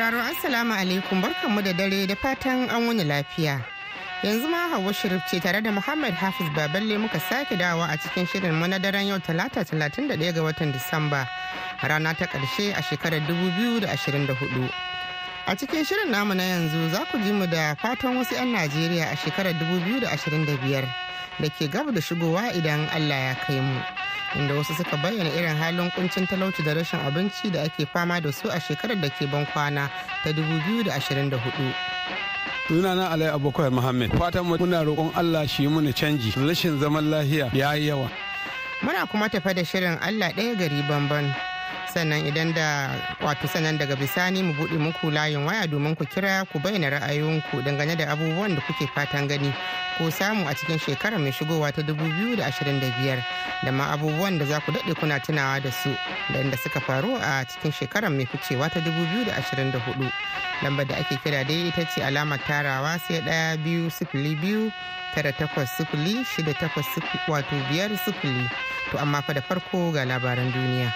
sauraro Assalamu alaikum barkanmu da dare da fatan an wani lafiya. Yanzu ma Hauwa shirif ce tare da Muhammad Hafiz Baballe muka sake dawa a cikin shirin mu na daren yau Talata 31 ga watan Disamba rana ta karshe a shekarar 2024. A cikin shirin namu na yanzu za ku ji mu da fatan wasu 'yan Najeriya a shekarar 2025 da ke gaba da shigowa idan Allah ya kai mu. inda wasu suka bayyana irin halin kuncin talauci da rashin abinci da ake fama da su a shekarar da ke ban kwana ta 2024. suna na alai abokai muhammed fatan mu muna roƙon allah shi muna canji rashin zaman lahiya ya yi yawa muna kuma tafa da shirin allah ɗaya gari banban sannan idan da wato sannan daga bisani mu buɗe muku layin waya domin ku kira ku bayyana ra'ayoyinku dangane da abubuwan da kuke fatan gani ko samu a cikin shekarar mai shigowa ta 2025 da ma abubuwan da za ku daɗe kuna tunawa da su da inda suka faru a cikin shekarar mai ficewa ta 2024 lambar da ake kira dai ita ce alamar tarawa sai ɗaya biyu sifili biyu tara takwas sifili shida takwas wato biyar sifili to amma fa da farko ga labaran duniya.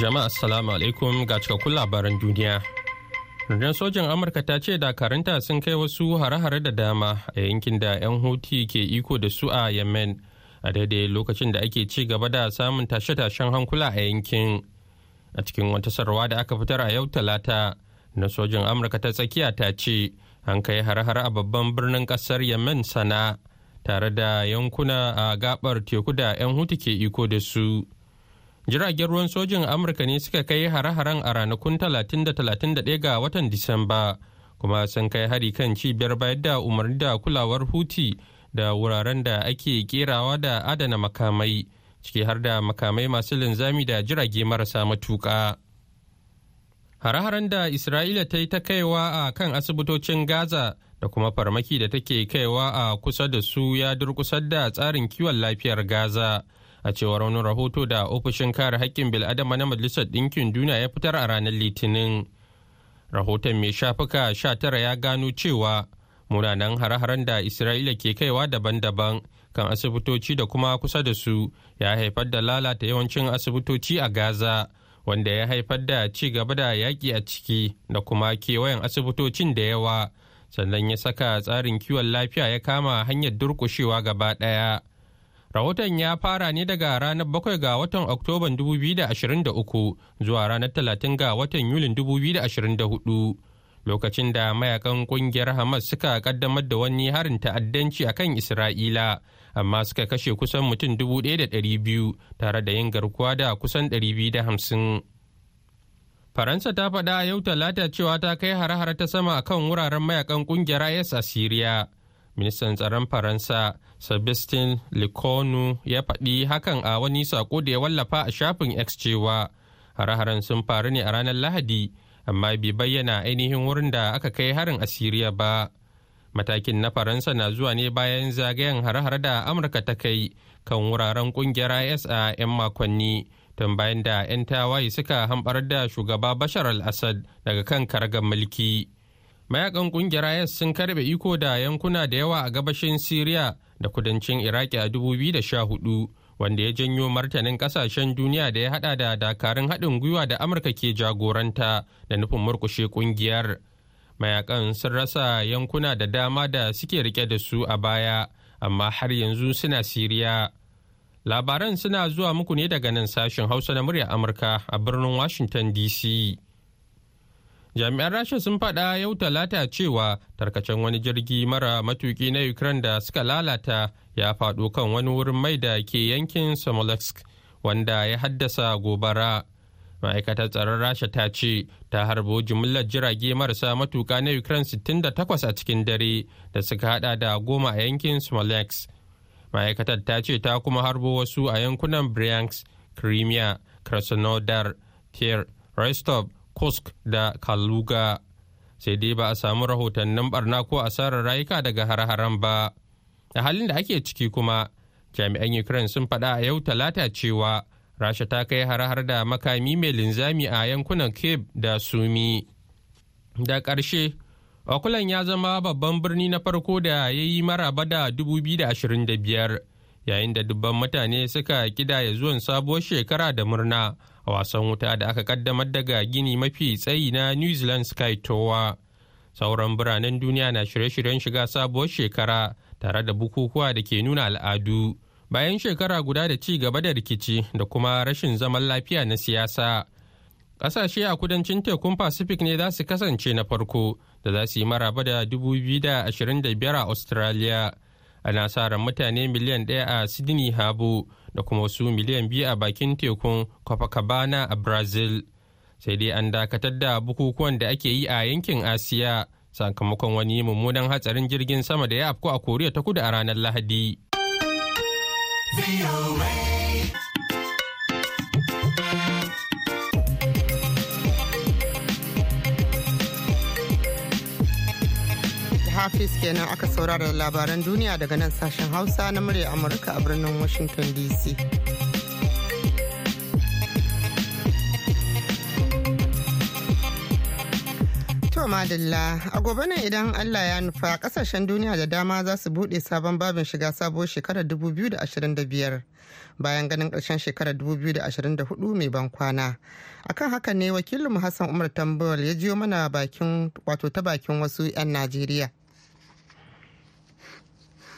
Jama'a assalamu alaikum ga cikakkun labaran duniya. Rundunar sojin Amurka ta ce dakaranta sun kai wasu hare-hare da dama a yankin da 'yan Houthi ke iko da su a Yemen a daidai lokacin da ake ci gaba da samun tashe-tashen hankula a yankin. A cikin wata sarwa da aka fitar a yau talata na sojan Amurka ta tsakiya ta ce an kai hare-hare a babban birnin kasar Yemen sana tare da yankuna a gabar teku da 'yan Houthi ke iko da su. jiragen ruwan sojin amurka ne suka kai hare-haren a ranakun 30 31 ga watan disamba kuma sun kai hari kan cibiyar bayar da umarni da kulawar huti da wuraren da ake kerawa da adana makamai ciki har da makamai masu linzami da jirage marasa matuka. hare-haren da isra'ila ta yi ta kaiwa a kan asibitocin gaza da kuma farmaki da take kaiwa a kusa da su ya durkusar da tsarin kiwon lafiyar gaza a cewar wani rahoto da ofishin kare haƙƙin bil'adama na majalisar ɗinkin duniya ya fitar a ranar litinin rahoton mai shafuka sha tara ya gano cewa munanan hare-haren da isra'ila ke kaiwa daban-daban kan asibitoci da kuma kusa da su ya haifar da lalata yawancin asibitoci a gaza wanda ya haifar da ci gaba da yaƙi a ciki da kuma kewayen asibitocin da yawa sannan ya saka tsarin kiwon lafiya ya kama hanyar durƙushewa gaba ɗaya. Rahoton ya fara ne daga ranar 7 ga watan Oktoban 2023 zuwa ranar 30 ga watan Yulin 2024 lokacin da mayakan kungiyar Hamas suka kaddamar da wani harin ta'addanci a kan Isra'ila, amma suka kashe kusan mutum 1,200 tare da yin garkuwa da kusan 250. Faransa ta faɗa yau talata cewa ta kai hare-hare ta sama akan wuraren mayakan ƙungiyar IS a Siriya. ministan tsaron faransa sebastien likonu ya faɗi hakan a wani sako da ya wallafa a shafin x cewa hare-haren sun faru ne a ranar lahadi amma bai bayyana ainihin wurin da aka kai harin asiriya ba matakin na faransa na zuwa ne bayan zagayen hare-hare da amurka ta kai kan wuraren kungiyar is a 'yan makonni tun bayan da 'yan tawaye suka hambar da shugaba bashar al-assad daga kan karagar mulki. mayakan kungiyar is sun karbe iko da yankuna da yawa a gabashin syria da kudancin iraki a 2014 wanda ya janyo martanin kasashen duniya da ya hada da dakarun haɗin gwiwa da amurka ke jagoranta da nufin murkushe kungiyar mayakan sun rasa yankuna da dama da suke rike da su a baya amma har yanzu suna siriya labaran suna zuwa muku ne daga nan sashen hausa na murya amurka a birnin washington dc jami'an rasha sun faɗa yau talata cewa tarkacen wani jirgi mara matuki na ukraine da suka lalata ya faɗo kan wani wurin mai da ke yankin smolensk wanda ya haddasa gobara ma'aikatar tsaron rasha ta ce ta harbo jimillar jirage marasa matuka na ukraine 68 a cikin dare da suka hada da goma a yankin smolensk ma'aikatar ta ce ta kuma harbo wasu a yankunan bryansk crimea krasnodar kiev rostov kosk da Kaluga. Sai dai ba a samu rahotannin barna ko asarar rayuka daga har-haren ba. A halin da ake ciki kuma, jami'an Ukraine sun faɗa a yau talata cewa Rasha ta kai har-har da makami mai linzami a yankunan Cape da Sumi. Da ƙarshe, Okulan ya zama babban birni na farko da ya yi maraba da 2025 yayin da dubban mutane suka kidaya zuwan sabuwar shekara da murna. a wasan wuta da aka kaddamar daga gini mafi tsayi na new zealand sky towa sauran biranen duniya na shirye-shiryen shiga sabuwar shekara tare da bukukuwa da ke nuna al'adu bayan shekara guda da ci gaba da rikici da kuma rashin zaman lafiya na siyasa ƙasashe a kudancin tekun pacific ne za su kasance na farko da za su yi maraba da 2025 a australia ana sa ran mutane miliyan ɗaya a sydney harbour. da kuma wasu miliyan biyu a bakin tekun Copacabana a Brazil. Sai dai an dakatar da bukukuwan da ake yi a yankin Asiya sakamakon wani mummunan hatsarin jirgin sama da ya afku a Koriya ta kudu a ranar Lahadi. Hafiz kenan aka saurara labaran duniya daga nan sashen Hausa na murya Amurka a birnin Washington DC. To madalla a gobe nan idan Allah ya nufa kasashen duniya da dama za su bude sabon babin shiga sabuwar shekarar 2025 bayan ganin karshen shekarar 2024 mai ban kwana. Akan haka ne wakilin Hassan Umar Tambawal ya jiyo mana bakin wato ta bakin wasu 'yan Najeriya.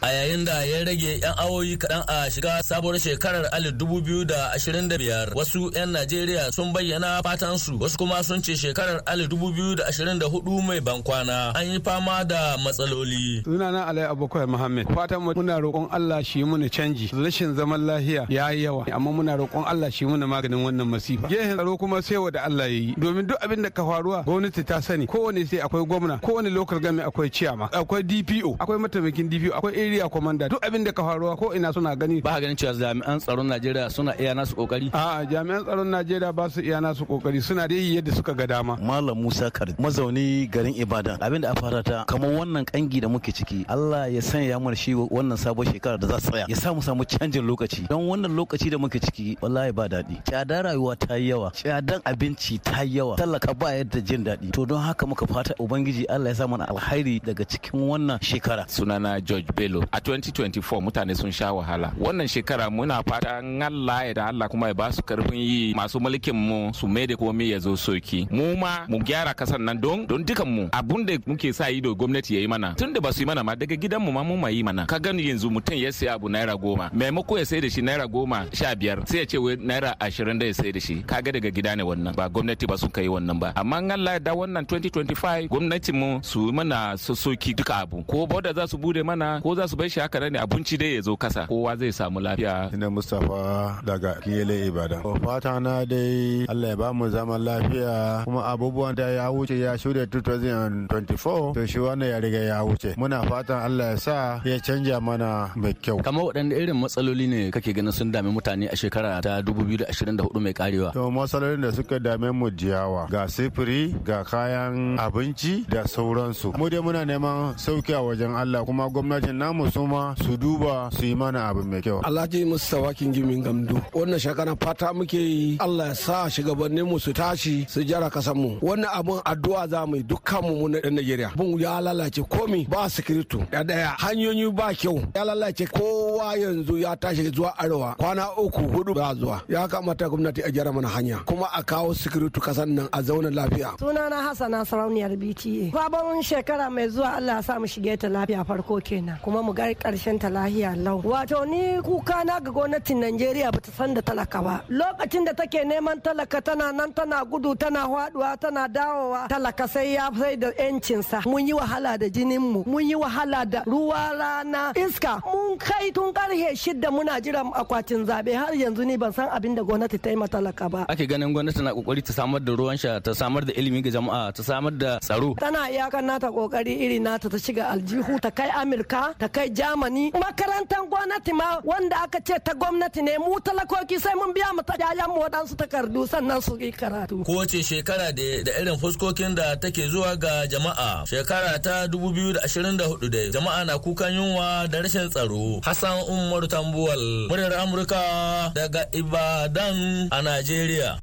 a yayin da ya rage 'yan awoyi kaɗan a shiga sabuwar shekarar alif dubu biyu da ashirin da biyar wasu 'yan najeriya sun bayyana fatan su wasu kuma sun ce shekarar alif dubu biyu da ashirin da hudu mai bankwana an yi fama da matsaloli sunana alai abokai muhammad fatan mu muna roƙon allah shi na canji rashin zaman lahiya ya yi yawa amma muna roƙon allah shi na maganin wannan masifa gehen tsaro kuma sai wa da allah ya yi domin duk abin da ka faruwa gwamnati ta sani kowane sai akwai gwamna kowane lokal gami akwai ciyama akwai dpo akwai mataimakin dpo akwai area commander duk abin da ka faruwa ko ina suna gani ba ganin cewa jami'an tsaron Najeriya suna iya nasu kokari a jami'an tsaron Najeriya ba su iya nasu kokari suna dai yadda suka ga dama Malam Musa Kar mazauni garin Ibadan abin da a fara ta kamar wannan kangi da muke ciki Allah ya sanya mu shi wannan sabon shekara da za su tsaya ya sa mu samu canjin lokaci don wannan lokaci da muke ciki wallahi ba daɗi tsadar rayuwa ta yi yawa tsadar abinci ta yi yawa tallaka ba yadda jin daɗi to don haka muka fata ubangiji Allah ya sa mana alhairi daga cikin wannan shekara sunana George Bello kilo a 2024 mutane sun sha wahala wannan shekara muna fata Allah ya da Allah kuma ya ba su karfin yi masu mulkin mu su mai da komai ya zo soki mu ma mu gyara kasar nan don don dukan mu abun da muke sa ido gwamnati yayi mana tun da ba su yi mana ma daga gidan mu ma mu ma yi mana ka gani yanzu mutum ya siya abu naira goma maimako ya sai da shi naira goma sha biyar sai ya ce wai naira ashirin da ya sai da shi kaga daga gida ne wannan ba gwamnati ba sun kai wannan ba amma Allah ya da wannan 2025 gwamnatin mu su mana soki duka abu ko boda za su bude mana ko za su bai shi haka ne abinci dai ya zo kasa kowa zai samu lafiya ina mustapha daga kiyele ibadan fata na dai allah ya ba mu zaman lafiya kuma abubuwan da ya wuce ya shuɗe 2024 to shi wannan ya riga ya wuce muna fatan allah ya sa ya canja mana mai kyau kamar waɗanne irin matsaloli ne kake ganin sun dami mutane a shekara ta 2024 mai karewa to matsalolin da suka dame mu jiyawa ga sifiri ga kayan abinci da sauransu mu dai muna neman sauki a wajen allah kuma gwamnatin namu mu su ma su duba su yi mana abin mai kyau alhaji mustafa gimin gamdu wannan shekara fata muke yi allah ya sa shugabannin mu su tashi su jara kasan mu wannan abun addu'a za mu yi dukkan mu na ɗan najeriya bun ya lalace komi ba sikiritu da daya hanyoyi ba kyau ya lalace kowa yanzu ya tashi zuwa arewa kwana uku hudu ba zuwa ya kamata gwamnati a gyara mana hanya kuma a kawo sikiritu kasan nan a zauna lafiya sunana hassana sarauniyar bta sabon shekara mai zuwa allah ya sa mu shige ta lafiya farko kenan kuma mu ga karshen ta lahiya lau wato ni kuka na ga gwamnatin Najeriya bata san da talaka ba lokacin da take neman talaka tana nan tana gudu tana haɗuwa tana dawowa talaka sai ya sai da yancin sa mun yi wahala da jinin mu mun yi wahala da ruwa rana iska mun kai tun karhe shidda muna jiran akwatin zabe har yanzu ni ban san abin da gwamnati ta yi talaka ba ake ganin gwamnati na kokari ta samar da ruwan sha ta samar da ilimi ga jama'a ta samar da tsaro tana iyakan nata kokari iri nata ta shiga aljihu ta kai amurka ta kai Germany makarantar gwamnati ma wanda aka ce ta gwamnati ne mu talakoki sai mun biya mu ta mu waɗansu takardu sannan su yi karatu. Kowace shekara da irin fuskokin da take zuwa ga jama'a shekara ta 2024 da jama'a na kukan yunwa da rashin tsaro. Hassan Umar Tambuwal muryar Amurka daga Ibadan a Najeriya.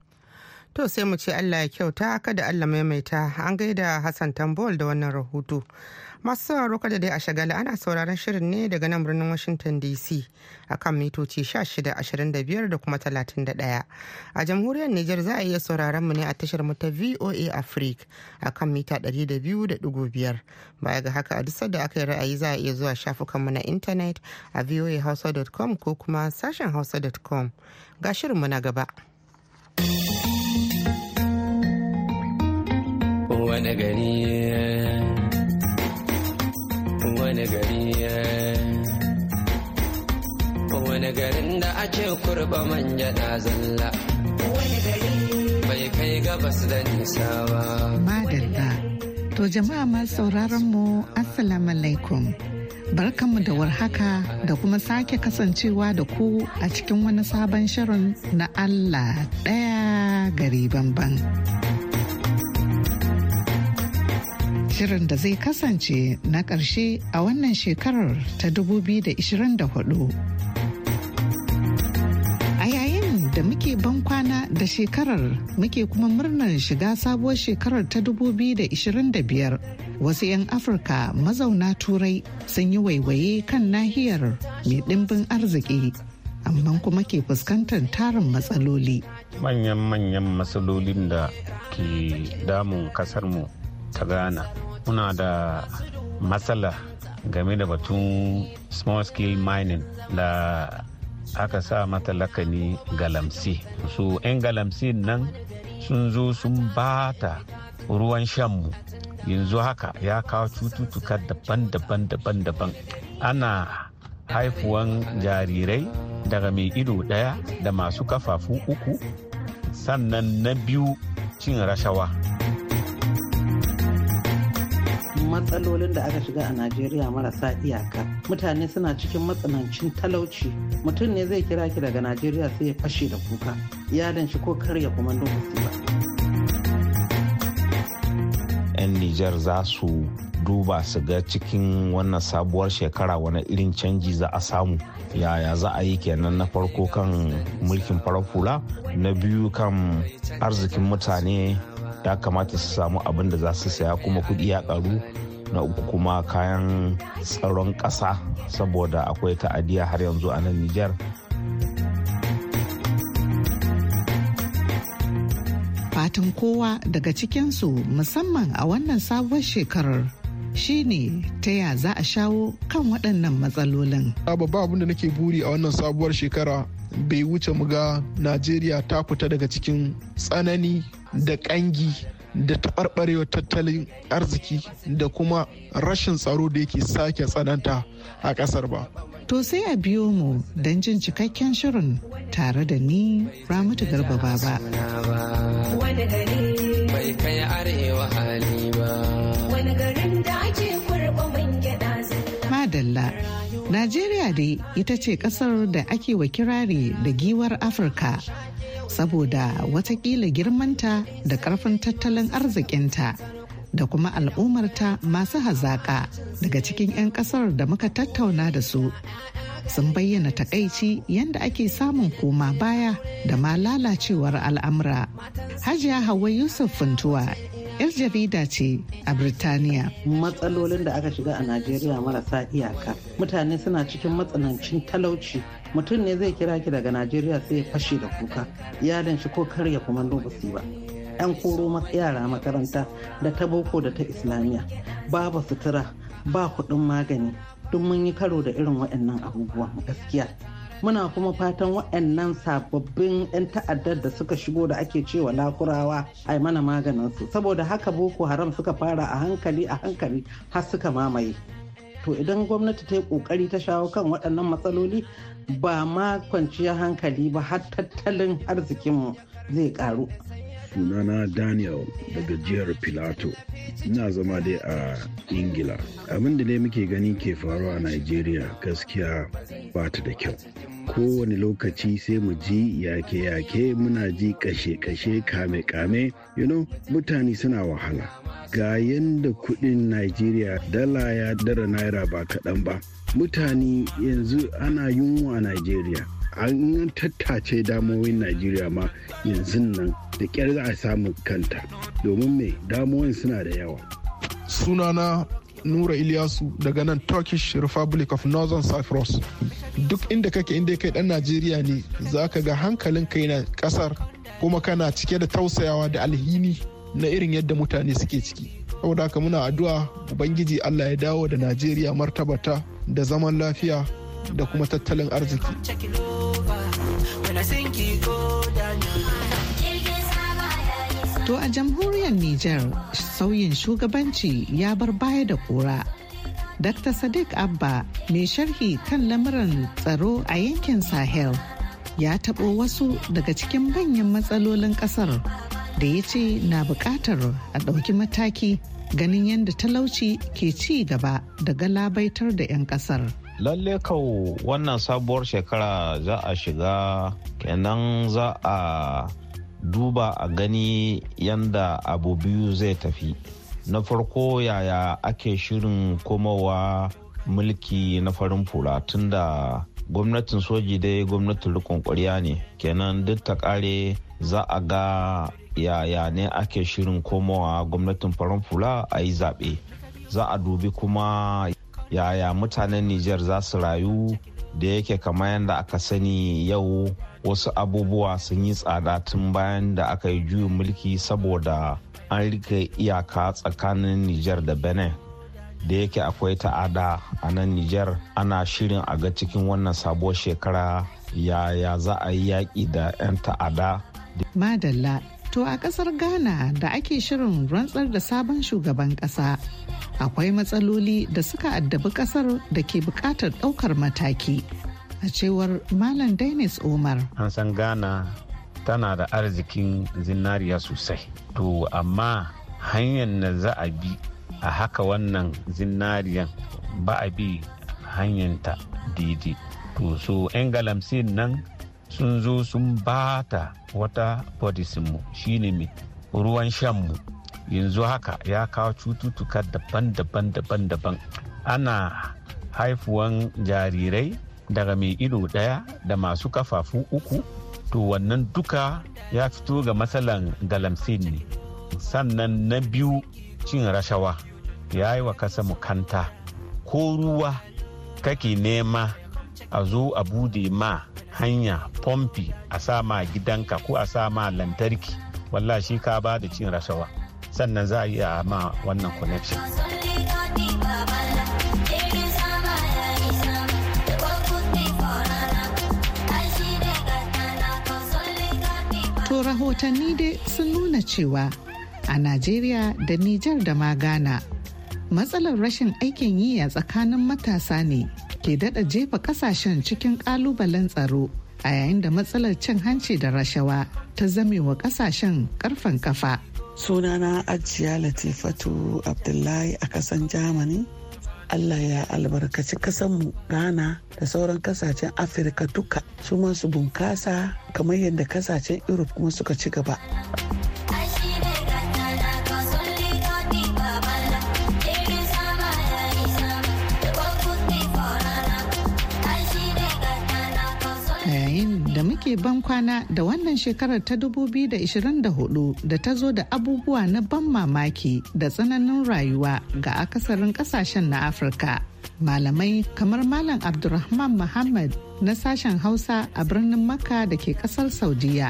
To sai mu ce Allah ya kyauta kada Allah maimaita an gaida Hassan Tambol da wannan rahoto. masu sauraro kada dai a shagala ana sauraron shirin ne daga nan birnin washington dc akan mitoci 1625 da kuma 31 a jamhuriyar niger za a iya sauraron mu ne a tashar mu ta voa africa akan mita 200.5 baya ga haka a duk da aka yi ra'ayi za a iya zuwa shafukan mu na intanet a voahausa.com ko kuma sashen hausa.com ga shirin mu na gaba wani gari wani gari eh. wani garin da ake kurba manja na zalla bai kai gabas da nisa ba madalla to jama'a masu sauraron mu assalamu alaikum barkanmu da warhaka da kuma sake kasancewa da ku a cikin wani sabon shirin na Allah ɗaya gari banban. shirin da zai kasance na ƙarshe a wannan shekarar ta 2024. A yayin da muke ban kwana da shekarar muke kuma murnar shiga sabuwar shekarar ta 2025 wasu 'yan Afirka mazauna turai sun yi waiwaye kan nahiyar mai ɗimbin arziki. amma kuma ke fuskantar tarin matsaloli. Manyan-manyan matsalolin da ke damun kasarmu ta Ghana muna da matsala game da batun small scale mining da aka sa mata lakani galamsi su 'yan galamsi nan sun zo sun bata ruwan shanmu yanzu haka ya kawo cututtuka daban-daban daban-daban ana haifuwan jarirai daga mai ido ɗaya da masu kafafu uku sannan na biyu cin rashawa. matsalolin da aka shiga a Najeriya marasa iyaka. Mutane suna cikin matsanancin talauci. Mutum ne zai kira ki daga Najeriya sai ya fashe da kuka. dan shi ko kar ya karya kumandon musiba. 'Yan Nijar za su duba su ga cikin wannan sabuwar shekara wani irin canji za a samu yaya za a yi kenan na farko kan mulkin farafula na biyu kan arzikin mutane ya kamata su samu abin da za su saya kuma kudi ya karu na uku kuma kayan tsaron ƙasa saboda akwai ta'adiya har yanzu a nan Nijar. Fatan kowa daga cikinsu musamman a wannan sabuwar shekarar shine ta ya za a shawo kan waɗannan matsalolin. Ba abin da nake buri a wannan sabuwar shekara bai wuce mu ga najeriya ta fita daga cikin tsanani da ƙangi da taɓarɓarewar tattalin arziki da kuma rashin tsaro da yake sake tsananta a ƙasar ba. To sai a biyo mu don jin cikakken shirin tare da ni ramutu Garba Baba. Wani gari bai kai arewa Najeriya dai ita ce kasar da ake wa kirari da giwar Afirka saboda watakila girmanta da karfin tattalin arzikinta da kuma al'ummarta masu hazaƙa daga cikin 'yan kasar da muka tattauna da su. Sun bayyana takaici yadda ake samun koma baya da ma lalacewar al'amura. Hajiya Hauwa Yusuf Funtuwa 'yar jarida ce a Birtaniya. Matsalolin da aka shiga a Najeriya marasa iyaka. Mutane suna cikin matsanancin talauci. Mutum ne zai kira ki daga Najeriya sai ya fashe da kuka. Iyalin shi ko karya kuma ba su ba. 'Yan koro yara makaranta da ta boko da ta Islamiyya. Babu sutura, ba kuɗin magani. Duk mun yi karo da irin waɗannan abubuwan gaskiya. muna kuma fatan waɗannan sababbin 'yan ta'addar da suka shigo da ake cewa lakurawa a mana maganin su saboda haka boko haram suka fara a hankali a hankali har suka mamaye to idan gwamnati ta yi ƙoƙari ta shawo kan waɗannan matsaloli ba ma kwanciyar hankali ba har tattalin arzikinmu zai ƙaru. sunana daniel daga jihar pilato ina zama dai a ingila abin da dai muke gani ke faruwa a nigeria gaskiya ba ta da kyau kowane lokaci sai mu ji yake-yake muna ji kashe-kashe kame-kame you know mutane suna wahala ga yadda kudin nigeria dala ya dara naira ba kaɗan ba mutane yanzu ana yunwa a nigeria an tattace damomin najeriya ma yanzu nan da kyar za a samu kanta domin mai damuwan suna da yawa sunana nura iliyasu daga nan turkish republic of northern cyprus duk inda kake inda kai dan najeriya ne za ka ga hankalin kai na kasar kuma kana cike da tausayawa da alhini na irin yadda mutane suke ciki saboda haka muna addu'a ubangiji allah ya dawo da najeriya martabata da zaman lafiya da kuma tattalin arziki. To a jamhuriyar Nijar sauyin shugabanci ya bar baya da kura. Dr. Sadiq Abba mai sharhi kan lamuran tsaro a yankin Sahel ya taɓo wasu daga cikin manyan matsalolin ƙasar da ya ce na buƙatar a ɗauki mataki ganin yadda talauci ke ci gaba da galabaitar da 'yan ƙasar. lalle kau wannan sabuwar shekara za a shiga kenan za a duba a gani yanda abu biyu zai tafi na farko yaya ake shirin komawa mulki na farin fura tunda gwamnatin soji dai gwamnatin rikon kwariya ne kenan duk ta kare za a ga yaya ne ake shirin komawa gwamnatin farin fula a yi zaɓe za a dubi kuma yaya mutanen Nijar za su rayu da yake kamar yadda aka sani yau wasu abubuwa sun yi tsada tun bayan da aka yi juyin mulki saboda an rike iyaka tsakanin Nijar da Benin. da yake akwai ta'ada a nan Nijar ana shirin a ga cikin wannan sabuwar shekara yaya za a yi yaƙi da 'yan ta'ada. Madalla To a kasar Ghana da ake shirin rantsar da sabon shugaban kasa akwai matsaloli da suka addabi kasar da ke bukatar daukar mataki. A cewar Malam Dennis Omar. An san Ghana tana da arzikin zinariya sosai. To amma hanyar da za a bi a haka wannan zinariyan ba a bi ta daidai. To so 'yan galamsin nan sun zo sun bata wata mu shine mai ruwan shanmu yanzu haka ya kawo cututtuka daban-daban daban-daban ana haifuwan jarirai daga mai ido ɗaya da masu kafafu uku to wannan duka ya fito ga matsalan galamsin ne sannan na biyu cin rashawa ya yi wa kasa mukanta ko ruwa kake nema a zo a bude ma hanya pompi a sama gidanka ko a sama lantarki walla shi ka ba da cin rashawa sannan za a iya ma wannan connection To rahotanni dai sun nuna cewa a Najeriya da Nijar da ma Ghana matsalar rashin aikin yi a tsakanin matasa ne ke dada jefa kasashen cikin kalubalen tsaro a yayin da matsalar cin hanci da rashawa ta wa kasashen karfan kafa. Sunana Ajiya Latifatu Abdullahi a kasan Germany. Allah ya albarkaci kasanmu rana da sauran kasashen Afirka duka su masu bunkasa kamar yadda kasashen Europe kuma suka ci gaba. muke ban kwana da wannan shekarar ta 2024 da ta zo da abubuwa na ban mamaki da tsananin rayuwa ga akasarin kasashen na Afirka. Malamai kamar Malam Abdulrahman Muhammad na sashen Hausa a birnin Makka da ke kasar Saudiya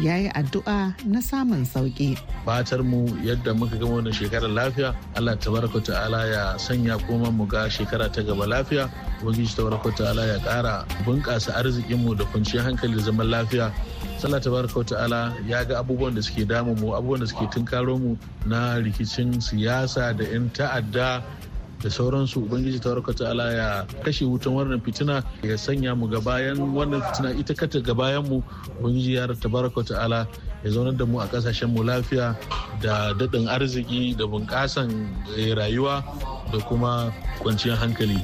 yayi addu'a na samun sauki. Fatar mu yadda muka gama wannan shekarar lafiya, Allah tabaraka ta'ala ya sanya koma mu ga shekara ta gaba lafiya, Ubangiji tabaraka ta'ala ya kara bunƙasa arzikin mu da kwanciyar hankali da zaman lafiya. sallah tabaraka ta'ala ya ga abubuwan da suke damu mu, abubuwan da suke tunkaro mu na rikicin siyasa da 'yan ta'adda da sauransu ubangiji ta ala ya kashe wutan wannan fitina ya sanya mu ga bayan wannan fitina ita kata ga bayan mu ubangiji ya ta ala ya zaunar da mu a kasashen mu lafiya da daɗin arziki da bunƙasan rayuwa da kuma kwanciyar hankali.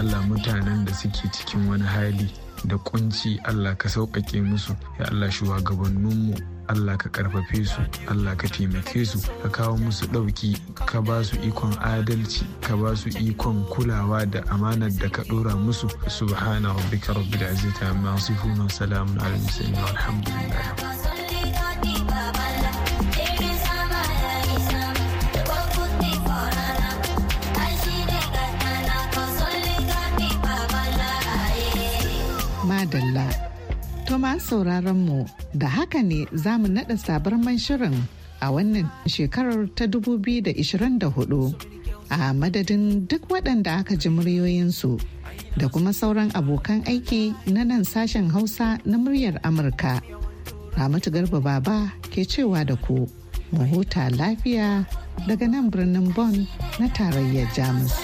Allah mutanen da suke cikin wani hali da kunci Allah ka sauƙaƙe musu ya Allah shugabanninmu Allah ka karfafe su Allah ka taimake su ka kawo musu ɗauki ka ba su ikon adalci ka ba su ikon kulawa da amanar da ka ɗora musu subhana rabbika rabbil izzati amma yasifun salamun alal mursalin alhamdulillah Dalla. To sauraron mu da haka ne za mu naɗa sabar man shirin a wannan shekarar ta 2024 a madadin duk waɗanda aka ji muryoyinsu da kuma sauran abokan aiki na nan sashen Hausa na muryar Amurka. Ramatu Garba Baba ke cewa da ku mu huta lafiya daga nan birnin Bonn na tarayyar Jamus.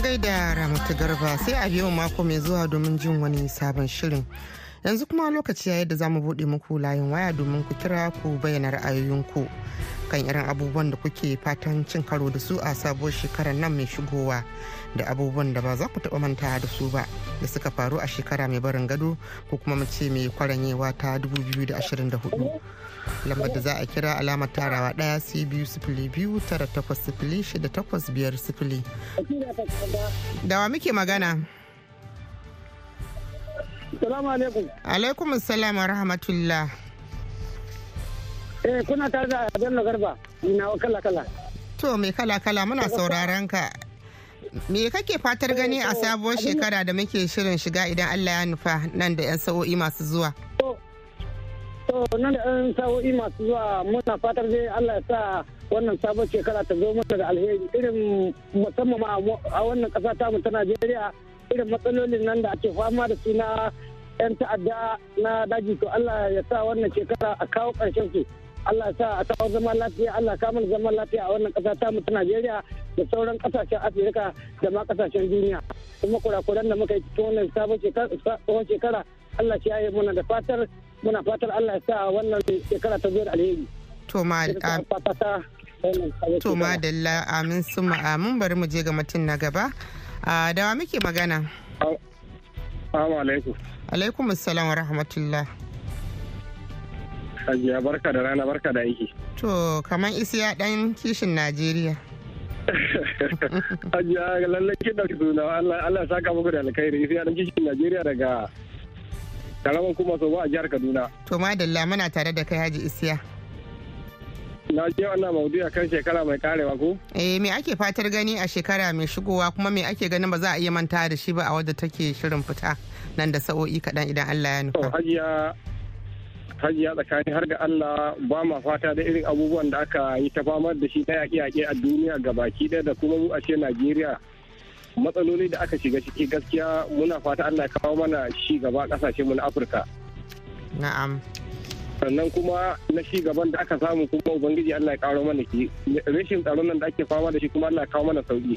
An gaida Ramatu Garba sai a biyo mako mai zuwa domin jin wani sabon shirin. Yanzu kuma lokaci ya yadda da zamu buɗe muku layin waya domin ku kira ku bayyana ra'ayoyinku kan irin abubuwan da kuke fatan cin karo da su a sabuwar shekarar nan mai shigowa da abubuwan da ba za ku taɓa manta da su ba da suka faru a shekara mai barin gado ko kuma mu mai kwaranyewa ta 2024. lambar da za a kira alamar tarawa ɗaya c biyu sifili biyu tara takwas sifili shida takwas biyar sifili dawa muke magana alaikum salam wa rahmatullah eh kuna tare da bello garba ina kala kala to me kala kala muna eh, sauraron ka me kake fatar gani a sabuwar shekara da muke shirin shiga idan allah ya nufa nan da yan sa'o'i masu zuwa To nan da ɗan sa'o'i masu zuwa muna fatar dai Allah ya sa wannan sabon shekara ta zo mana da alheri irin musamman a wannan ƙasa ta ta Najeriya irin matsalolin nan da ake fama da su na 'yan ta'adda na daji to Allah ya sa wannan shekara a kawo ƙarshen su. Allah sa a kawo zaman lafiya Allah kamar zaman lafiya a wannan kasa ta mu ta Najeriya da sauran kasashen Afirka da ma kasashen duniya kuma kurakuran da muka yi cikin wannan sabon shekara Allah shi ya yi muna da fatar muna fatar Allah ya sa wannan shekara ta biyar alheri to ma da ma dalla amin sun amin bari mu je ga mutum na gaba dawa muke magana Assalamu alaikum. Alaikum assalam wa rahmatullah. Hajiya barka da rana barka da aiki. To kamar ya dan kishin Najeriya. Hajiya lallai kin suna Allah Allah saka muku da alkhairi ya dan kishin Najeriya daga karamin kuma so ba a jihar kaduna to madalla muna tare da kai haji isiya na je wannan a kan shekara mai karewa ko eh me ake fatar gani a shekara mai shigowa kuma me ake ganin ba za a iya manta da shi ba a wadda take shirin fita nan da sa'o'i kaɗan idan allah ya nufa hajiya hajiya tsakani har ga Allah ba ma fata da irin abubuwan da aka yi ta famar da shi ta yaƙe-yaƙe a duniya ga baki ɗaya da kuma mu a ce Najeriya matsaloli da aka shiga ciki gaskiya muna fata Allah ya kawo mana shi gaba kasashe mu na Afirka. Na'am. Sannan kuma na shi gaban da aka samu kuma Ubangiji Allah ya karo mana shi rashin tsaron nan da ake fama da shi kuma Allah ya kawo mana sauki.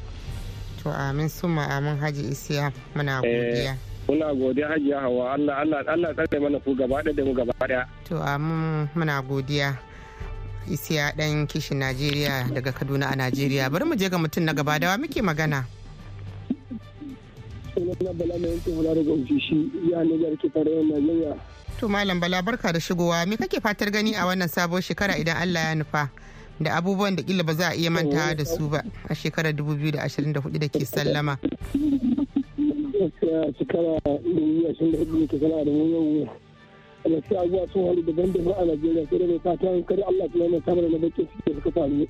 To amin suma amin Haji Isiya muna eh, godiya. Muna godiya Hajiya Hawa Allah Allah Allah tsare mana ku gaba da mu gaba daya. To amin muna godiya. isiya dan kishin najeriya daga kaduna a najeriya bari mu je ga mutum na gaba wa muke magana sunana bala mai yankin hula daga ofishi ya nigar ke tare najeriya to malam bala barka da shigowa me kake fatar gani a wannan sabon shekara idan allah ya nufa da abubuwan da kila ba za a iya mantawa da su ba a shekarar 2024 da ke sallama A shekara 2024 da ke sallama da mu yau gaskiya abubuwa sun haru daban daban a najeriya sai da mai fatan kada allah su lamar kamar na bakin suke suka faru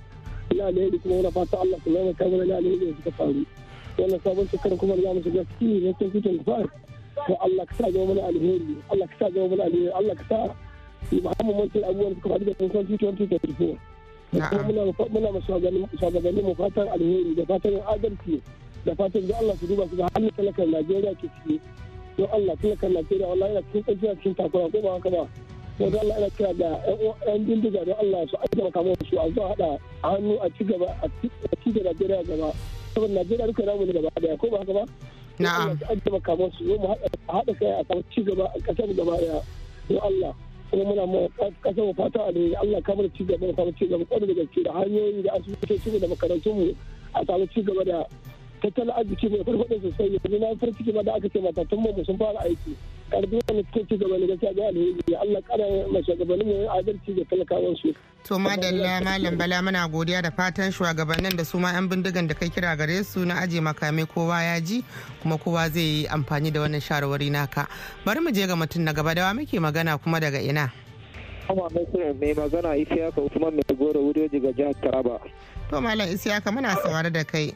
ina da alheri kuma wani fata allah su lamar kamar na alheri suka faru wannan sabon shekarar kuma za mu shiga ciki na 2025 to Allah ka sa zama mana alheri Allah ka sa zama mana alheri Allah ka sa mu Muhammad Mansur abubuwan suka faɗi da kuma 2024 muna ma shugabanni mu fatan alheri da fatan adalci da fatan da Allah su duba su ga hannun talakar Najeriya ke ciki don Allah talakar Najeriya wallahi yana cikin tsakiya cikin takura ko ba haka ba ko da Allah yana kira da ƴan bindiga don Allah su aika makamansu a zuwa haɗa hannu a ci gaba a ci da Najeriya gaba saboda najeriya duka namu ne gaba daya ko ba haka ba na'am an taimaka musu yau mu haɗa kai a samu ci gaba a ƙasar gaba daya don allah kuma muna mu kasar fata a da allah ka mana ci gaba da samu ci gaba kwanan da gaske da hanyoyi da asibitoci da makarantun mu a samu ci gaba da tattalin arziki mai farfaɗa sosai yanzu na farki ma da aka ce matatun mu sun fara aiki karbi da ci gaba ne gaskiya ga alheri Allah kara ma shugabannin mu adalci da talakawan su to madalla malam bala muna godiya da fatan shugabannin da su ma yan bindigan da kai kira gare su na aje makamai kowa ya ji kuma kowa zai yi amfani da wannan shawarwari naka bari mu je ga mutum na gaba da wa muke magana kuma daga ina Kuma mai magana Isiyaka Usman mai goro wuri ga jihar Taraba. To Malam Isiyaka muna saurare da kai.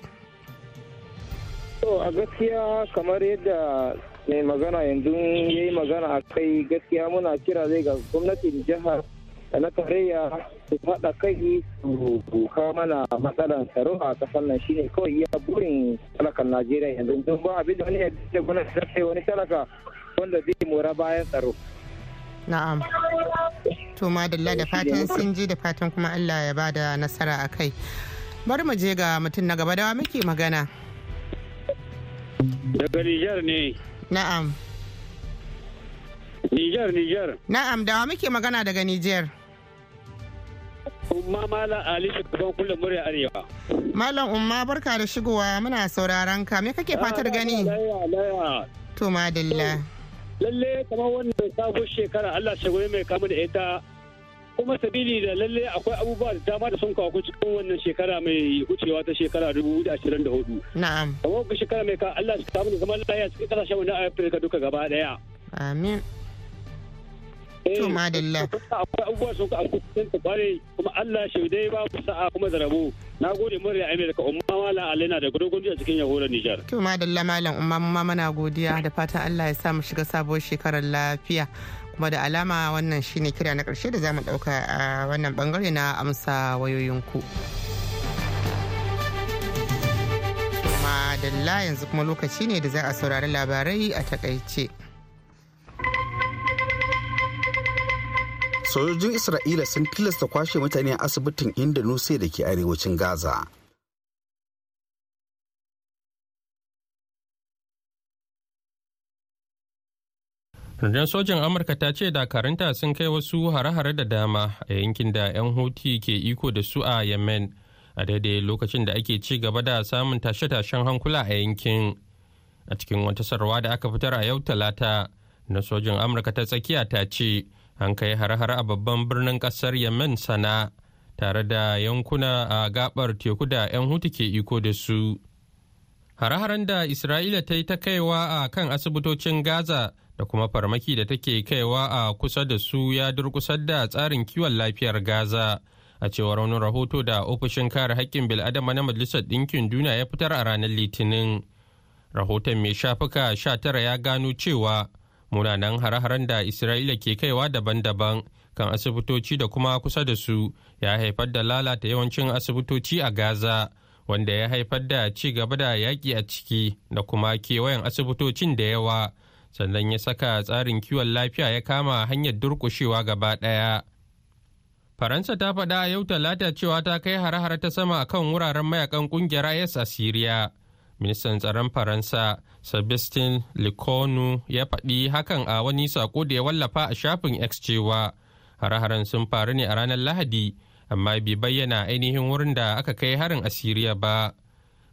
To a gaskiya kamar yadda mai magana yanzu ya yi magana a kai gaskiya muna kira zai ga gwamnatin jihar da na tarayya su faɗa kai su buka mana matsalar tsaro a ƙasar nan shine kawai ya burin talakan najeriya yanzu don ba abin da wani ya da gwamnati ta kai wani talaka wanda zai mora bayan tsaro na'am to madalla da fatan sun ji da fatan kuma allah ya bada nasara a kai bari mu je ga mutum na gaba dawa muke magana daga Nijar ne Na'am. Niger, Niger. Na'am, dawa muke magana daga Niger. Umma Malam Ali shugaban Kula murya Arewa. Malam Umma barka da shigowa muna sauraron ka me kake fatar gani? Ah, to madalla. Lalle kamar wannan sabon shekara Allah shagwai mai kamu da ita kuma sabili da lalle akwai abubuwa da dama da sun kawo cikin wannan shekara mai wucewa ta shekara dubu da ashirin da hudu. Na'am. Kamar ku shekara mai ka Allah shi samu da zaman lafiya cikin kasashen wani Afirka duka gaba daya. Amin. Eh, to madalla. Akwai abubuwa sun kawo cikin ta kware kuma Allah shaidai ba mu sa'a kuma zarabo. Na gode murya Amerika umma mala alaina da gurgun a cikin Yahuda Nijar. To madalla malam umma mu ma muna godiya da fatan Allah ya sa mu shiga sabuwar shekarar lafiya. kuma da alama wannan shine kira na karshe da zamu dauka a wannan bangare na amsa wayoyinku la yanzu kuma lokaci ne da za a saurari labarai a takaice sojojin isra'ila sun tilasta kwashe mutane a asibitin indonesia da ke arewacin gaza rundunar sojin amurka ta ce dakaranta sun kai wasu hare-hare da dama a yankin da 'yan houthi ke iko da su a yemen a daidai lokacin da ake ci gaba da samun tashe-tashen hankula a yankin a cikin wata sarwa da aka fitar a yau talata na sojin amurka ta tsakiya ta ce an kai hare-hare a babban birnin kasar yemen sana tare da yankuna a gabar teku da 'yan hutu ke iko da su hare-haren da isra'ila ta yi ta kaiwa a kan asibitocin gaza da kuma farmaki da take kaiwa a kusa da su ya durkusa da tsarin kiwon lafiyar Gaza. A cewar wani rahoto da ofishin kare haƙƙin bil'adama na Majalisar Ɗinkin Duniya ya fitar a ranar Litinin. Rahoton mai shafuka sha tara ya gano cewa munanan hare-haren da Isra'ila ke kaiwa daban-daban kan asibitoci da kuma kusa da su ya haifar da lalata yawancin asibitoci a Gaza. wanda ya haifar da ci gaba da yaƙi a ciki da kuma kewayen asibitocin da yawa sannan ya saka tsarin kiwon lafiya ya kama hanyar durƙushewa gaba ɗaya. Faransa ta faɗa a yau talata cewa ta kai hare-hare ta sama a kan wuraren mayakan ƙungiyar IS a Siriya. Ministan tsaron Faransa, Sebastien likonu ya faɗi hakan a wani sako da ya wallafa a shafin X cewa hare-haren sun faru ne a ranar Lahadi, amma bai bayyana ainihin wurin da aka kai harin a Siriya ba.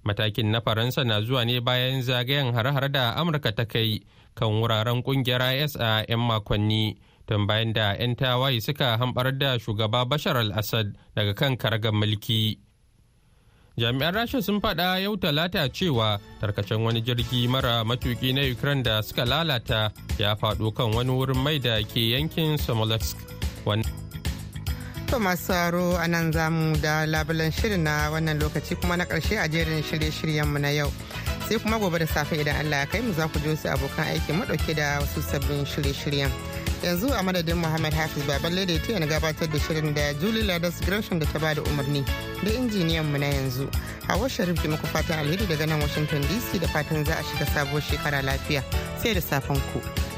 Matakin na Faransa na zuwa ne bayan zagayen hare-hare da Amurka ta kai kan wuraren kungiyar is a 'yan makonni tun bayan da 'yan tawaye suka hambar da shugaba bashar al-assad daga kan kargar mulki jami'an rasha sun faɗa yau talata cewa tarkacen wani jirgi mara matuki na ukraine da suka lalata ya faɗo kan wani wurin mai da ke yankin smolensk to masu saro a nan zamu da labulan shirin na wannan lokaci kuma na ƙarshe a jerin shirye-shiryenmu na yau sai kuma gobe da safe idan Allah ya kai mu za ku ji wasu abokan aiki madauke da wasu sabbin shirye-shiryen. Yanzu a madadin Muhammad Hafiz baba Lede ta yana gabatar da shirin da Julie Ladas Gresham da ta ba da umarni da injiniyan mu na yanzu. Hawa Sharif ki muku fatan alheri daga nan Washington DC da fatan za a shiga sabuwar shekara lafiya sai da safen ku.